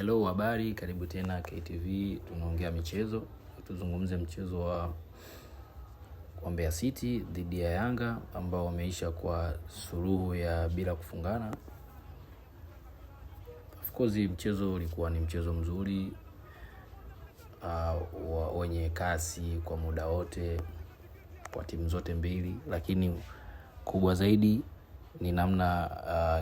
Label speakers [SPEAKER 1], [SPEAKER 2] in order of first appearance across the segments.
[SPEAKER 1] Hello, habari, karibu tena KTV. Tunaongea michezo, tuzungumze mchezo wa wa Mbeya City dhidi ya Yanga ambao wameisha kwa suluhu ya bila kufungana. Of course mchezo ulikuwa ni mchezo mzuri uh, wenye kasi kwa muda wote kwa timu zote mbili, lakini kubwa zaidi ni namna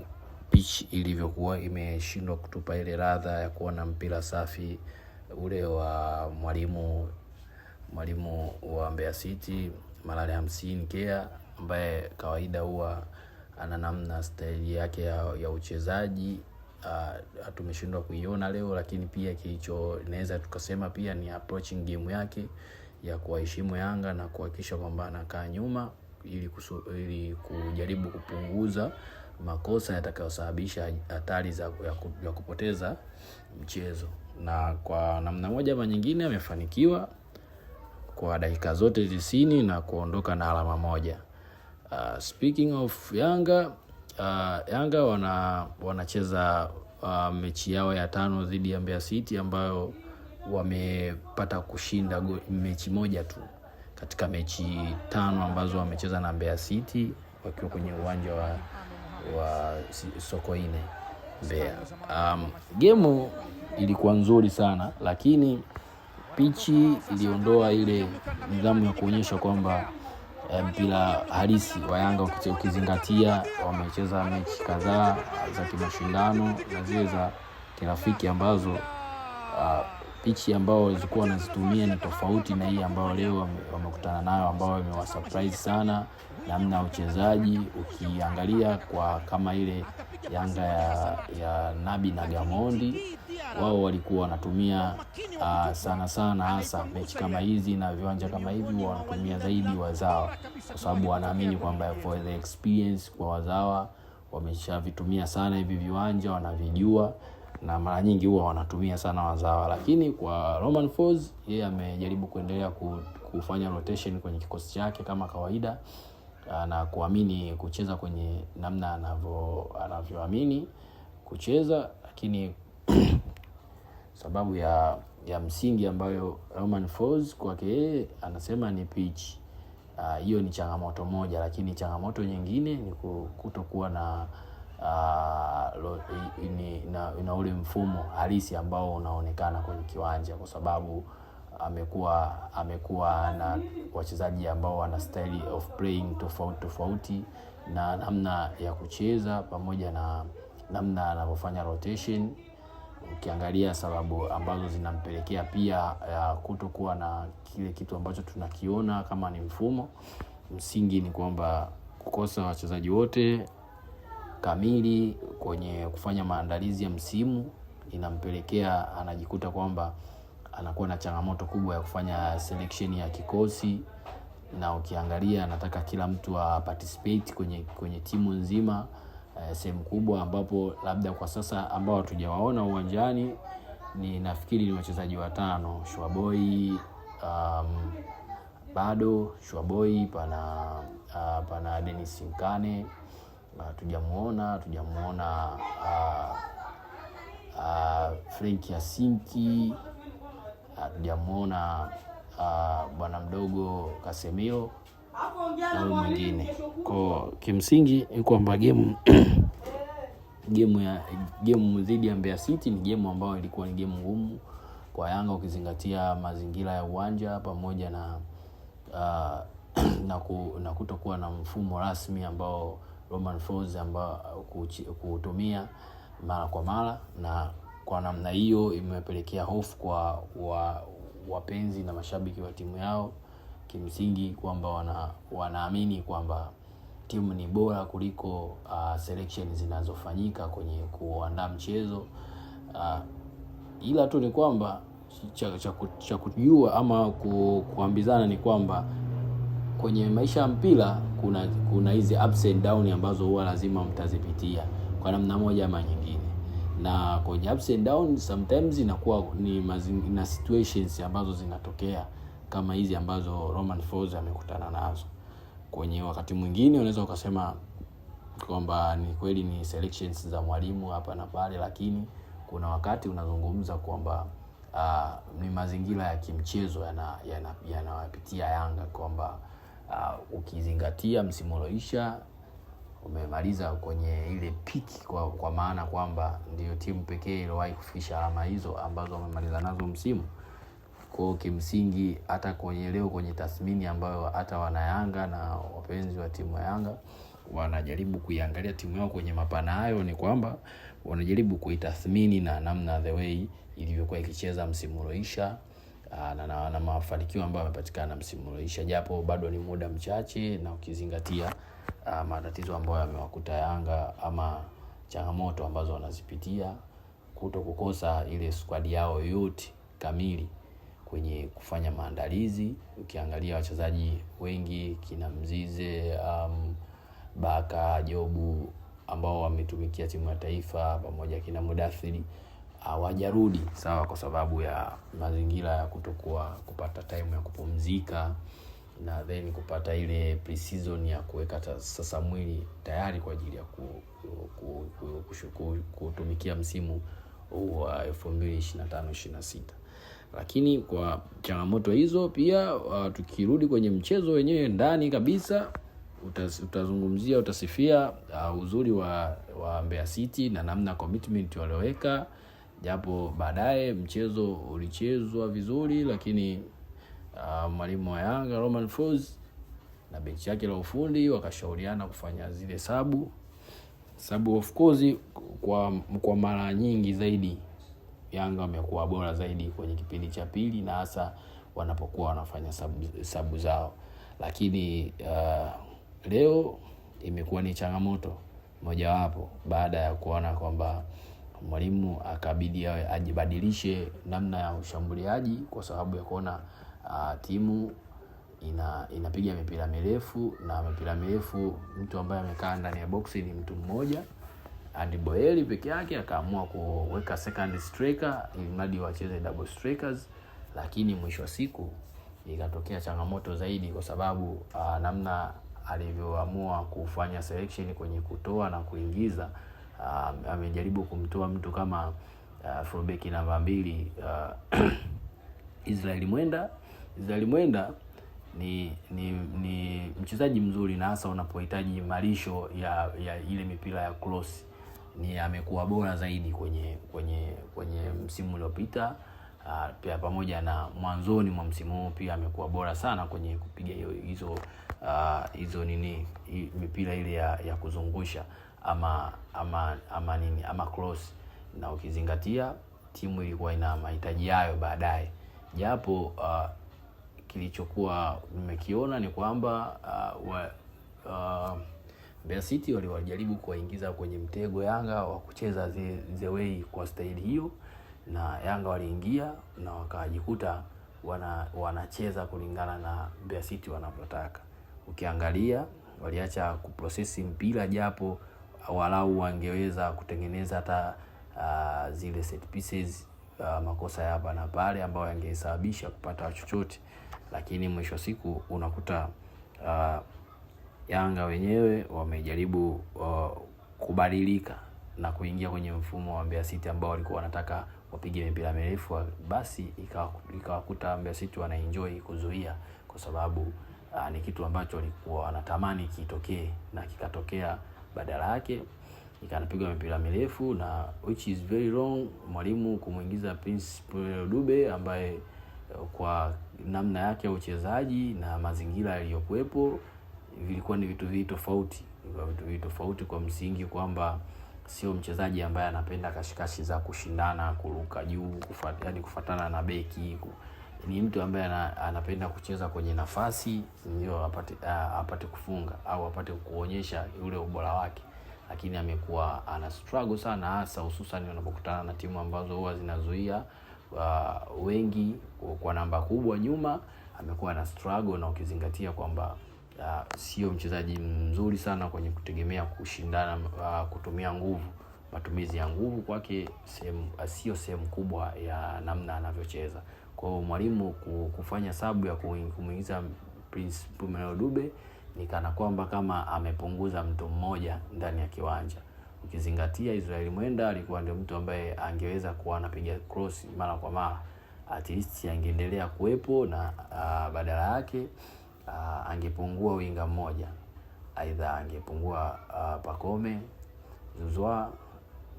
[SPEAKER 1] uh, pitch ilivyokuwa imeshindwa kutupa ile ladha ya kuwa na mpira safi ule wa mwalimu mwalimu wa Mbeya City Malale hamsini Kea ambaye kawaida huwa ana namna staili yake ya, ya uchezaji uh, tumeshindwa kuiona leo, lakini pia kilicho inaweza tukasema pia ni approaching game yake ya kuwaheshimu Yanga na kuhakikisha kwamba anakaa nyuma ili, kusu, ili kujaribu kupunguza makosa yatakayosababisha hatari za ya kupoteza mchezo, na kwa namna moja ama nyingine amefanikiwa kwa dakika zote tisini na kuondoka na alama moja. Uh, speaking of Yanga uh, Yanga wana wanacheza uh, mechi yao ya tano dhidi ya Mbeya City ambayo wamepata kushinda go, mechi moja tu katika mechi tano ambazo wamecheza na Mbeya City wakiwa kwenye uwanja wa wa Sokoine mbea Um, gemu ilikuwa nzuri sana, lakini pichi iliondoa ile nidhamu ya kuonyesha kwamba eh, mpira um, halisi wa Yanga ukizingatia wamecheza mechi kadhaa za kimashindano na zile za kirafiki ambazo uh, pichi ambao walizokuwa wanazitumia ni tofauti na hii ambao leo wamekutana nayo, ambao imewasurprise sana namna uchezaji ukiangalia kwa kama ile Yanga ya, ya Nabi na Gamondi, wao walikuwa wanatumia uh, sana sana hasa mechi kama hizi na viwanja kama hivi wanatumia zaidi wazawa, kwa sababu wanaamini kwamba for the experience kwa wazawa wameshavitumia sana hivi viwanja, wanavijua na mara nyingi huwa wanatumia sana wazawa, lakini kwa Romain Folz yeye amejaribu kuendelea kufanya rotation kwenye kikosi chake kama kawaida. Ah, na kuamini kucheza kwenye namna anavyo anavyoamini kucheza, lakini sababu ya ya msingi ambayo roman Folz kwake yeye anasema ni pitch ah, hiyo. Uh, ni changamoto moja, lakini changamoto nyingine ni kutokuwa na uh, lo, ni, na, ule mfumo halisi ambao unaonekana kwenye kiwanja kwa sababu amekuwa amekuwa na wachezaji ambao wana style of playing tofauti tofauti na namna ya kucheza pamoja na namna anavyofanya rotation. Ukiangalia sababu ambazo zinampelekea pia kutokuwa na kile kitu ambacho tunakiona kama ni mfumo, msingi ni kwamba kukosa wachezaji wote kamili kwenye kufanya maandalizi ya msimu inampelekea anajikuta kwamba anakuwa na changamoto kubwa ya kufanya selection ya kikosi, na ukiangalia anataka kila mtu a participate kwenye, kwenye timu nzima eh, sehemu kubwa ambapo labda kwa sasa ambao hatujawaona uwanjani ni nafikiri ni wachezaji watano Shwaboi, um, bado Shwaboi pana uh, pana Dennis Nkane hatujamuona, uh, tujamuona uh, uh, Frenki Asinki hatujamuona uh, ah, bwana mdogo Kasemiro na huyu mwingine. Kwa kimsingi ni kwamba game game ya game dhidi ya Mbeya City ni game ambayo ilikuwa ni game ngumu kwa Yanga ukizingatia mazingira ya uwanja pamoja na uh, na, ku, na kutokuwa na mfumo rasmi ambao Roman Folz ambao kutumia mara kwa mara na kwa namna hiyo imewapelekea hofu kwa wa, wapenzi na mashabiki wa timu yao kimsingi, kwamba wana, wanaamini kwamba timu ni bora kuliko uh, selection zinazofanyika kwenye kuandaa mchezo uh, ila tu ni kwamba cha, cha, cha kujua ama ku, kuambizana ni kwamba kwenye maisha ya mpira kuna kuna hizi ups and down ambazo huwa lazima mtazipitia kwa namna moja ama na kwenye ups and down sometimes inakuwa ni na situations ambazo zinatokea kama hizi ambazo roman Folz amekutana nazo. Kwenye wakati mwingine unaweza ukasema kwamba ni kweli ni selections za mwalimu hapa na pale, lakini kuna wakati unazungumza kwamba uh, ni mazingira ya kimchezo yanawapitia yana, yana Yanga kwamba uh, ukizingatia msimu umemaliza kwenye ile piki kwa, kwa maana kwamba ndio timu pekee iliyowahi kufikisha alama hizo ambazo wamemaliza nazo msimu. Kwa kimsingi hata kwenye leo kwenye tathmini ambayo hata wanayanga na wapenzi wa timu ya Yanga wanajaribu kuiangalia timu yao kwenye mapana hayo, ni kwamba wanajaribu kuitathmini na namna the way ilivyokuwa ikicheza msimu ulioisha ah, na, na, na mafanikio ambayo yamepatikana msimu ulioisha, japo bado ni muda mchache na ukizingatia uh, matatizo ambayo yamewakuta Yanga ama changamoto ambazo wanazipitia, kuto kukosa ile squad yao yote kamili kwenye kufanya maandalizi. Ukiangalia wachezaji wengi kina Mzize, um, Baka, Jobu ambao wametumikia timu ya taifa pamoja kina Mudathiri hawajarudi sawa, kwa sababu ya mazingira ya kutokuwa kupata time ya kupumzika na then kupata ile pre-season ya kuweka sasa mwili tayari kwa ajili ya kutumikia msimu huu wa 2025 26 lakini kwa changamoto hizo pia uh, tukirudi kwenye mchezo wenyewe ndani kabisa utas, utazungumzia utasifia uh, uzuri wa, wa Mbeya City na namna commitment walioweka, japo baadaye mchezo ulichezwa vizuri, lakini uh, mwalimu wa Yanga Roman Folz na benchi yake la ufundi wakashauriana kufanya zile sabu sabu. Of course kwa, kwa mara nyingi zaidi Yanga wamekuwa bora zaidi kwenye kipindi cha pili na hasa wanapokuwa wanafanya sabu, sabu zao, lakini uh, leo imekuwa ni changamoto mojawapo baada ya kuona kwamba mwalimu akabidi ajibadilishe namna ya ushambuliaji kwa sababu ya kuona uh, timu ina inapiga mipira mirefu na mipira mirefu, mtu ambaye amekaa ndani ya boksi ni mtu mmoja and Boeli peke yake akaamua kuweka second striker ili mradi wacheze double strikers, lakini mwisho wa siku ikatokea changamoto zaidi kwa sababu uh, namna alivyoamua kufanya selection kwenye kutoa na kuingiza uh, amejaribu kumtoa mtu kama uh, fullback namba mbili uh, Israel Mwenda Israel Mwenda ni ni, ni mchezaji mzuri na hasa unapohitaji malisho ya, ya ile mipira ya cross ni amekuwa bora zaidi kwenye kwenye kwenye msimu uliopita. Ah, pia pamoja na mwanzoni mwa msimu huu pia amekuwa bora sana kwenye kupiga hizo ah, hizo nini mipira ile ya, ya kuzungusha ama ama ama nini ama cross, na ukizingatia timu ilikuwa ina mahitaji hayo baadaye, japo uh, kilichokuwa nimekiona ni kwamba uh, wa, uh, Mbeya City waliwajaribu kuwaingiza kwenye mtego Yanga wa kucheza the, the way kwa staili hiyo, na Yanga waliingia na wakajikuta wana, wanacheza kulingana na Mbeya City wanavyotaka. Ukiangalia waliacha kuprosesi mpira, japo walau wangeweza kutengeneza hata uh, zile set pieces uh, makosa ya hapa na pale ambayo yangesababisha kupata chochote lakini mwisho wa siku unakuta uh, Yanga wenyewe wamejaribu uh, kubadilika na kuingia kwenye mfumo wa Mbeya City ambao walikuwa wanataka wapige mipira mirefu, basi ikawakuta Mbeya City wanaenjoy kuzuia, kwa sababu uh, ni kitu ambacho walikuwa wanatamani kitokee na kikatokea, badala yake ikanapigwa mipira mirefu na which is very wrong, mwalimu kumuingiza Prince Dube ambaye kwa namna yake ya uchezaji na mazingira yaliyokuwepo, vilikuwa ni vitu vii tofauti, vitu vii tofauti kwa msingi kwamba sio mchezaji ambaye anapenda kashikashi za kushindana, kuruka juu, kufuatana, yani kufatana na beki. Ni mtu ambaye anapenda kucheza kwenye nafasi ndio apate, apate kufunga au apate kuonyesha ule ubora wake, lakini amekuwa ana struggle sana, hasa hususan unapokutana na timu ambazo huwa zinazuia uh, wengi kwa namba kubwa nyuma amekuwa na struggle, na ukizingatia kwamba uh, sio mchezaji mzuri sana kwenye kutegemea kushindana, uh, kutumia nguvu, matumizi ya nguvu kwake sehemu uh, sio sehemu kubwa ya namna anavyocheza. Kwa hiyo mwalimu kufanya sabu ya kumuingiza Prince Dube ni kana kwamba kama amepunguza mtu mmoja ndani ya kiwanja ukizingatia Israeli Mwenda alikuwa ndio mtu ambaye angeweza kuwa anapiga cross mara kwa mara, at least angeendelea kuwepo na uh, badala yake uh, angepungua winga mmoja, aidha angepungua uh, ah, Pakome Zuzwa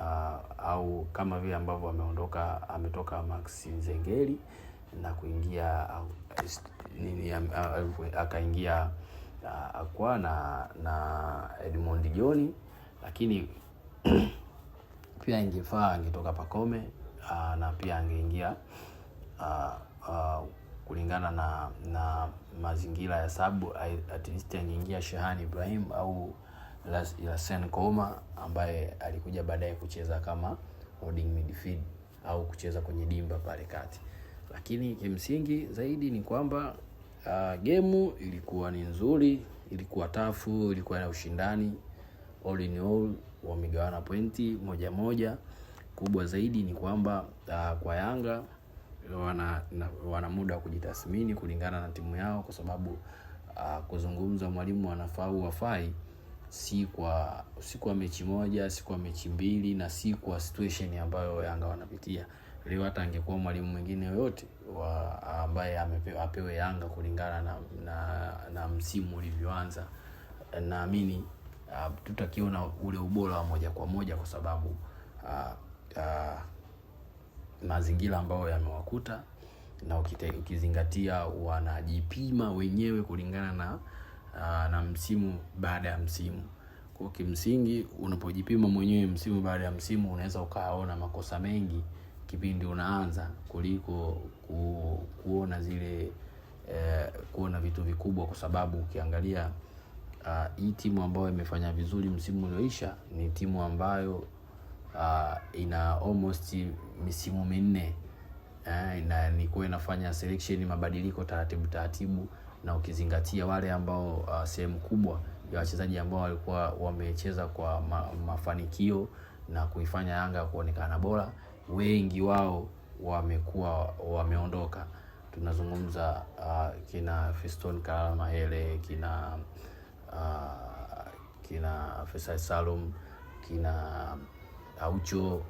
[SPEAKER 1] uh, au kama vile ambavyo ameondoka ametoka Max Nzengeli na kuingia uh, nini akaingia uh, uh, akwa na na Edmond Joni lakini pia ingefaa angetoka Pakome uh, ah, na pia angeingia uh, uh, kulingana na na mazingira ya sabu at least angeingia Shehani Ibrahim au Lassane Koma ambaye alikuja baadaye kucheza kama holding midfield au kucheza kwenye dimba pale kati, lakini kimsingi zaidi ni kwamba uh, gemu ilikuwa ni nzuri, ilikuwa tafu, ilikuwa na ushindani all in all wamegawana pointi moja moja. Kubwa zaidi ni kwamba uh, kwa Yanga wana, na, wana muda wa kujitathmini kulingana na timu yao, kwa sababu uh, kuzungumza mwalimu anafaa au hafai si kwa si kwa mechi moja, si kwa mechi mbili, na si kwa situation ambayo Yanga wanapitia leo. Hata angekuwa mwalimu mwingine yoyote wa ambaye amepewa apewe Yanga kulingana na, na, na msimu ulivyoanza, naamini uh, tutakiona ule ubora wa moja kwa moja kwa sababu uh, uh, mazingira ambayo yamewakuta na ukite, ukizingatia wanajipima wenyewe kulingana na uh, na msimu baada ya msimu. Kwa kimsingi, unapojipima mwenyewe msimu baada ya msimu, unaweza ukaona makosa mengi kipindi unaanza kuliko ku, kuona zile eh, kuona vitu vikubwa, kwa sababu ukiangalia uh, hii timu ambayo imefanya vizuri msimu ulioisha ni timu ambayo uh, ina almost misimu minne uh, eh, ni nikuwa inafanya selection mabadiliko taratibu taratibu, na ukizingatia wale ambao uh, sehemu kubwa ya wachezaji ambao walikuwa wamecheza kwa ma, mafanikio na kuifanya Yanga kuonekana bora, wengi wao wamekuwa wameondoka. Tunazungumza uh, kina Fiston Kalala Mahele kina uh, kina Faisal Salum, kina Aucho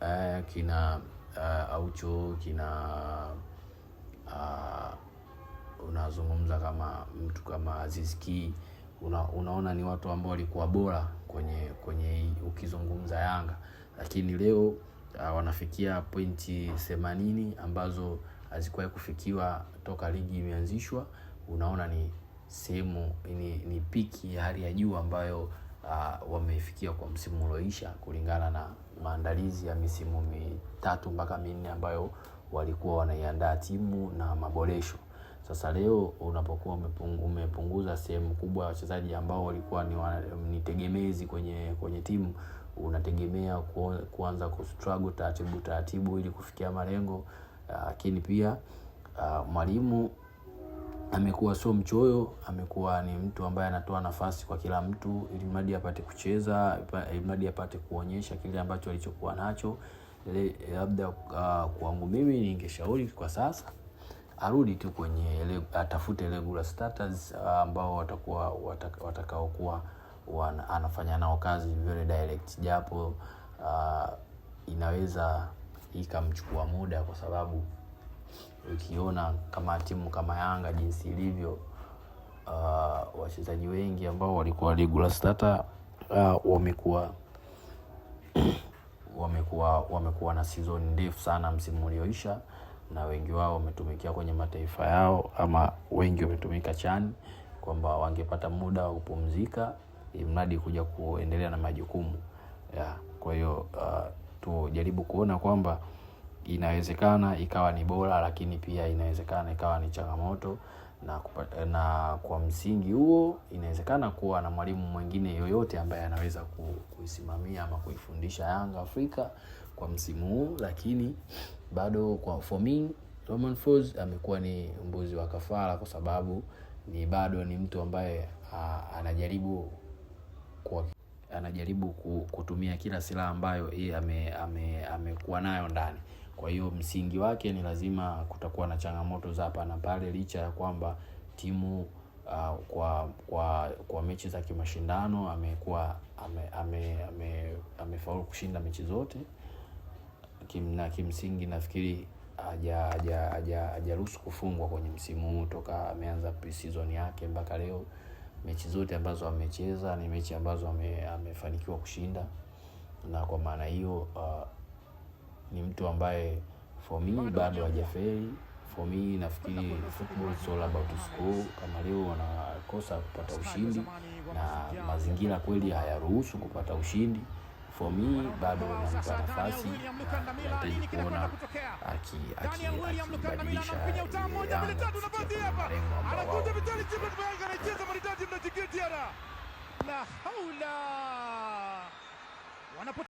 [SPEAKER 1] eh, kina uh, Aucho kina uh, unazungumza kama mtu kama Aziski una, unaona ni watu ambao walikuwa bora kwenye kwenye ukizungumza Yanga, lakini leo uh, wanafikia pointi themanini ambazo hazikuwahi kufikiwa toka ligi imeanzishwa. Unaona ni sehemu ni, ni piki ya hali ya juu ambayo uh, ah, wamefikia kwa msimu ulioisha kulingana na maandalizi ya misimu mitatu mpaka minne ambayo walikuwa wanaiandaa timu na maboresho. Sasa leo unapokuwa umepunguza sehemu kubwa ya wachezaji ambao walikuwa ni, wa, ni tegemezi kwenye kwenye timu, unategemea kuanza kustruggle taratibu taratibu ili kufikia malengo, ah, lakini uh, pia uh, mwalimu amekuwa sio mchoyo, amekuwa ni mtu ambaye anatoa nafasi kwa kila mtu ili mradi apate kucheza, ili mradi apate kuonyesha kile ambacho alichokuwa nacho. Labda uh, kwangu mimi ningeshauri kwa sasa arudi tu kwenye atafute regular starters ah, ambao watakuwa watakaokuwa wataka anafanya nao kazi very direct, japo uh, inaweza ikamchukua muda kwa sababu ukiona kama timu kama Yanga jinsi ilivyo, uh, wachezaji wengi ambao walikuwa regular starter uh, wamekuwa wamekuwa wamekuwa na season ndefu sana msimu ulioisha, na wengi wao wametumikia kwenye mataifa yao ama wengi wametumika chani, kwamba wangepata muda wa kupumzika mradi kuja kuendelea na majukumu ya. Kwa hiyo uh, tujaribu kuona kwamba inawezekana ikawa ni bora, lakini pia inawezekana ikawa ni changamoto na, na kwa msingi huo inawezekana kuwa na mwalimu mwingine yoyote ambaye anaweza kuisimamia ama kuifundisha Yanga Afrika kwa msimu huu, lakini bado kwa for me amekuwa ni mbuzi wa kafara, kwa sababu ni bado ni mtu ambaye a, anajaribu kwa, anajaribu kutumia kila silaha ambayo yeye amekuwa ame, ame nayo ndani kwa hiyo msingi wake ni lazima kutakuwa na changamoto za hapa na pale, licha ya kwamba timu uh, kwa kwa kwa mechi za kimashindano amekuwa ame, ame, ame, kushinda mechi zote Kim, na kimsingi nafikiri hajaruhusu kufungwa kwenye msimu huu toka ameanza pre-season yake mpaka leo. Mechi zote ambazo amecheza ni mechi ambazo amefanikiwa kushinda, na kwa maana hiyo uh, ni mtu ambaye for me bado hajafeli. For me nafikiri football is all about school. Kama leo wanakosa kupata ushindi na mazingira kweli hayaruhusu kupata ushindi, for me bado nampa nafasi, kuona akibadilisha